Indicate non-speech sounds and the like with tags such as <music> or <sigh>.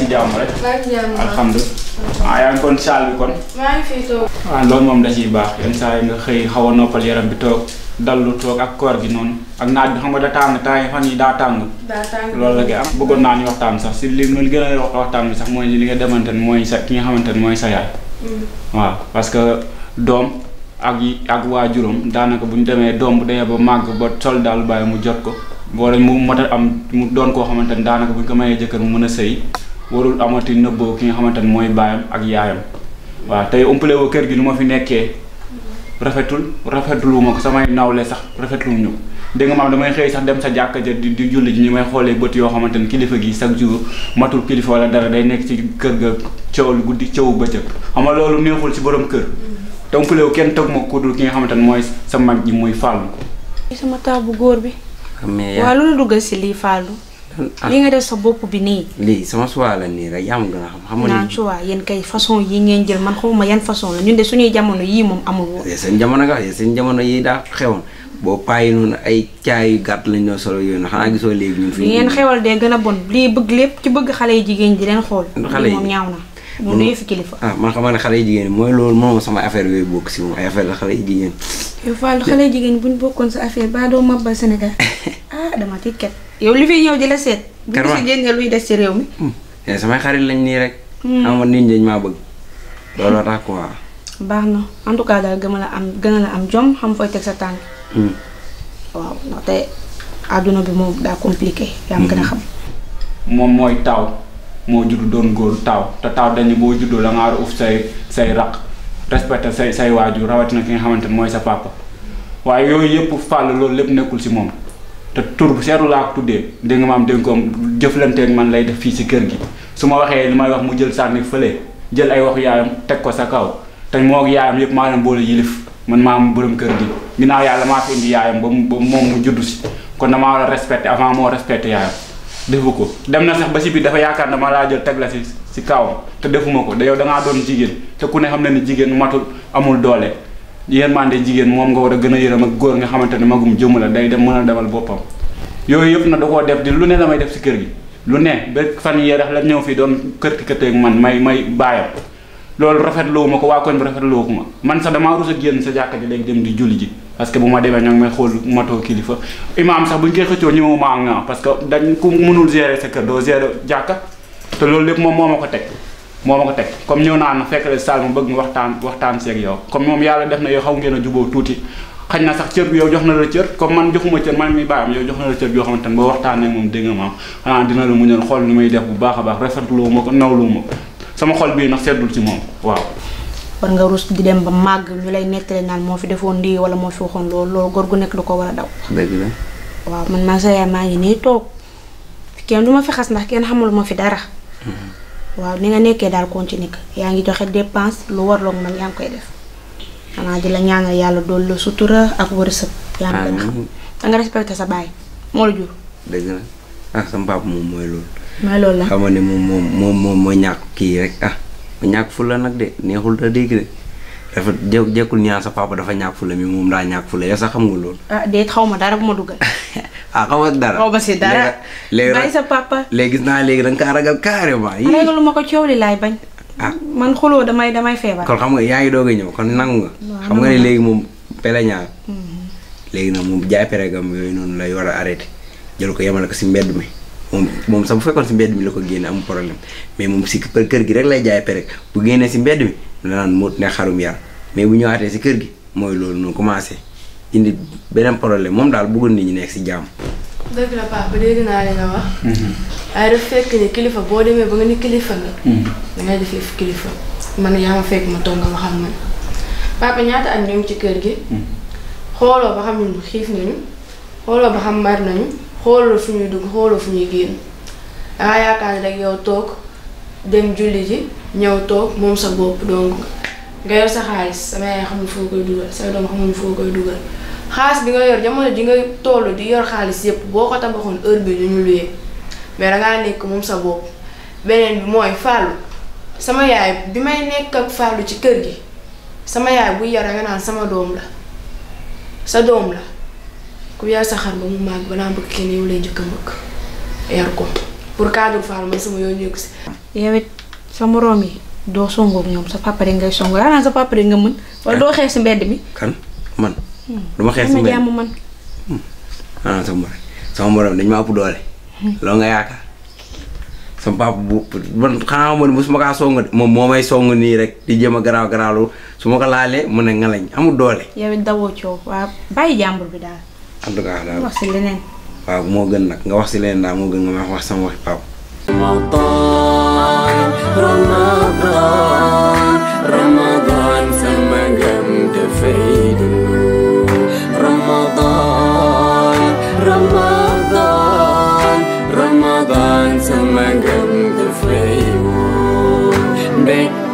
ci jàmm rek. maa ngi ah, yaa ngi kon saal bi kon. maa ah, loolu moom da ciy baax yenn saa yi nga xëy xaw noppal yaram bi toog dallu toog ak koor gi noonu ak naaj bi xam nga da tàng temps yi fan yi si li li gën mooy li nga demante ne mooy sa ki nga xamante ne mooy sa yaay. Mm. waaw parce que doom ak yi ak waa waajuram daanaka bu ñu demee doom bu demee ba màgg ba sol daal bàyyi mu jot ko. wala mu mot a am mu doon koo xamante ne daanaka bu ñu ko mayee jëkkër mu mën a sëy warul amati nëbboo ki nga xamante ne mooy baayam ak yaayam waaw tey umpale woo kër gi lu ma fi nekkee rafetul rafetul wu ma ko samay nawle sax rafetul ñu ko dégg nga maam damay xëy sax dem sa jàkka ja di di julli ji ñu may xoolee bët yoo xamante ni kilifa gi chaque jour matul kilifa wala dara day nekk ci kër ga coow lu guddi coow bëccëg xam nga loolu neexul si borom kër. donc kenn toog ma ku ki nga xamante ne mooy sa mag ji muy fàllu. sama taabu góor bi. mais Ah. li nga def sa bopp bi nii. lii sama choix la nii rek yaa ma gën a xam. xam nga naa choix yéen kay façon yi ngeen jël man xamuma yan façon la ñun de suñuy jamono yii moom amul woon. seen jamono nga seen jamono yii daa xewoon boo yooyu xanaa a bon lii bëgg lépp ci bëgg xale yu xool. xale yi fi kilifa. Ah, man xam ne xale yu jigéen mooy loolu moom sama affaire yooyu bokk si moom ay affaire la xale yu jigéen. yow Fallou xale yu jigéen buñ bokkoon sa affaire ba doo mabal Sénégal <laughs> ah dama tiit yow li fi ñëw di la seet. bu gisee génne luy des ci réew mi. te hmm. eh, samay xarit lañ nii rek. Hmm. xam nga nit ñi maa bëgg. looloo tax quoi. baax na en tout cas daal gën a la am gën a la am jom xam fooy teg sa tànk. Hmm. waaw ndaxte àdduna bi moom daa compliqué. yaa ngi gën a xam. moom mooy taw moo juddu doon góor taaw te taw dañu boo juddoo la nga war a say say raq respecté say say waajur rawatina ki nga xamante ne mooy sa papa waaye yooyu yëpp fàll loolu lépp nekkul si moom. te tur bu seetu laa ko tuddee dégg nga maam dénkoom jëflanteeg man lay def fii si kër gi su waxee li may wax mu jël sànni fële jël ay waxu yaayam teg ko sa kaw te moo ak yaayam yëpp maa leen boole yilif man borom kër gi ginnaaw yàlla maa fi indi mu moom mu juddu si kon damaa war a respecté moo respecté defu ko dem na sax ba si biir dafa yaakaar dama laa jël teg si si te defuma ko da yow doon jigéen te ku ne xam na ni jigéen matul amul doole man yërmande jigéen moom nga war a gën a yërëm ak góor nga xamante ne magum jëmm la day dem mën a demal boppam yooyu yëpp na da koo def di lu ne la may def si kër gi lu ne ba fan yee rek la ñëw fii doon kërti kërteeg man may may baayam loolu rafetloo ma ko waa koñ bi rafetloo ma man sax damaa rus a génn sa jàkka ji dem di julli ji parce que bu ma demee ñoo ngi may xool matoo kilifa imaam sax bu ñu koy xëccoo ñi ma nga parce que dañ ku mënul gérer sa kër doo gérer jàkk te loolu lépp moom moo ma ko teg moo ma teg comme ñëw naa fekk la saal ma bëgg mu waxtaan waxtaan seeg yow comme moom yàlla def na yow xaw ngeen a juboo tuuti xañ na sax cër bi yow jox na la cër comme man joxuma cër man mi bàyyam yow jox na la cër yoo xamante ne boo waxtaanee moom dégg nga maam xanaa a baax rafetlu ma ko ma nga màgg ñu lay nettali naan moo fi defoon lii wala moo fi waxoon loolu loolu góor gu nekk lu ko war a daw dëgg la waaw man nii toog kenn du ma fi xas ndax kenn xamul ma fi dara mhm. waaw ni nga nekkee daal continuer ko yaa ngi joxe dépense lu warloog man yaa ngi koy def xanaa di la ñaanal yàlla dool la sutura ak wërsëg. yaa ngi koy xam da nga respecté sa baay moo la jur. dëgg la ah sama baab moom mooy loolu. la xam ne moom moom moom moom mooy ñàkk kii rek ah ma ñàkk fula nag de neexul da dégg de dafa jekkul ñaan sa papa dafa ñàkk fula mi moom daa ñàkk fula yow sax xam nga loolu. ah xaw ma dara bu ma dugal. <laughs> ah xaw ma dara xaw ma si dara. léegi sa papa. léegi naa léegi da nga kaa ragal carrément. yii ko coow laay bañ. ah man xuloo damay damay feebar. kon xam nga yaa ngi doog a ñëw kon nangu nga. xam nga ne léegi moom peleñaa. Mm-hmm. léegi nag moom jaay peregam yooyu noonu lay war a arrêté jël ko yemale ko si mbedd mi moom moom sax bu fekkoon si mbedd mi la ko génne am problème mais moom si kër gi rek lay jaay pereg bu génnee si mbedd mi danaan mu ne xarum yar mais bu ñëwaatee si kër gi mooy loolu noonu commencé indi beneen problème moom daal bëggoon nit ñi nekk si jàmm dëgg la papa dégg naa li nga wax. waaye mhm. dafa fekk ni kilifa boo demee ba nga ni kilifa nga. Mhm. da ngay def kilifa man yaa ma fekk ma toog nga waxal man papa ñaata at ñu ngi ci kër gi. Mhm. xooloo ba xam ñun xiif nañu xooloo ba xam mar nañu xooloo fu ñuy dugg xooloo fu ñuy génn dangaa yaakaar ne yow toog dem julli ji ñëw toog moom sa bopp donc nga yor sa xaalis sama yaay xamul foo koy dugal say doom xamul foo koy dugal. xaalis bi nga ya, yor jamono ji nga toll di yor xaalis yépp boo ko tabaxoon heure bi duñu luyee ya. mais dangaa nekk moom sa bopp beneen bi mooy fàllu sama yaay bi may nekk ak fàllu ci kër gi sama yaay buy yar nga naan sama doom la sa doom la ku yar sa xar kan, ba mu màgg balaa bëgg kenn yow lay njëkk a mbëkk yar ko pour cadre fàllu man sama yoon yëgu si yow ya, it sa moroom yi doo songoog ñoom sa papa rek ngay songoo yaa naan sa papa rek nga mën wala kan? doo xeex si mbedd mi kan man du ma xees mbay man hmm. ah sama morom sama morom dañ ma ëpp doole. Hmm. loolu nga yaakaar sama papa bu xanaa ma ne mosuma kaa song moom moo may song nii rek di jëm a garaaw garaawlu su ma ko laalee mu ne ngalañ amul doole. yow it coow waaw bàyyi jàmbur bi daal. en tout daal moo gën nag nga wax si leneen daal gën nga wax sama waxi papa. big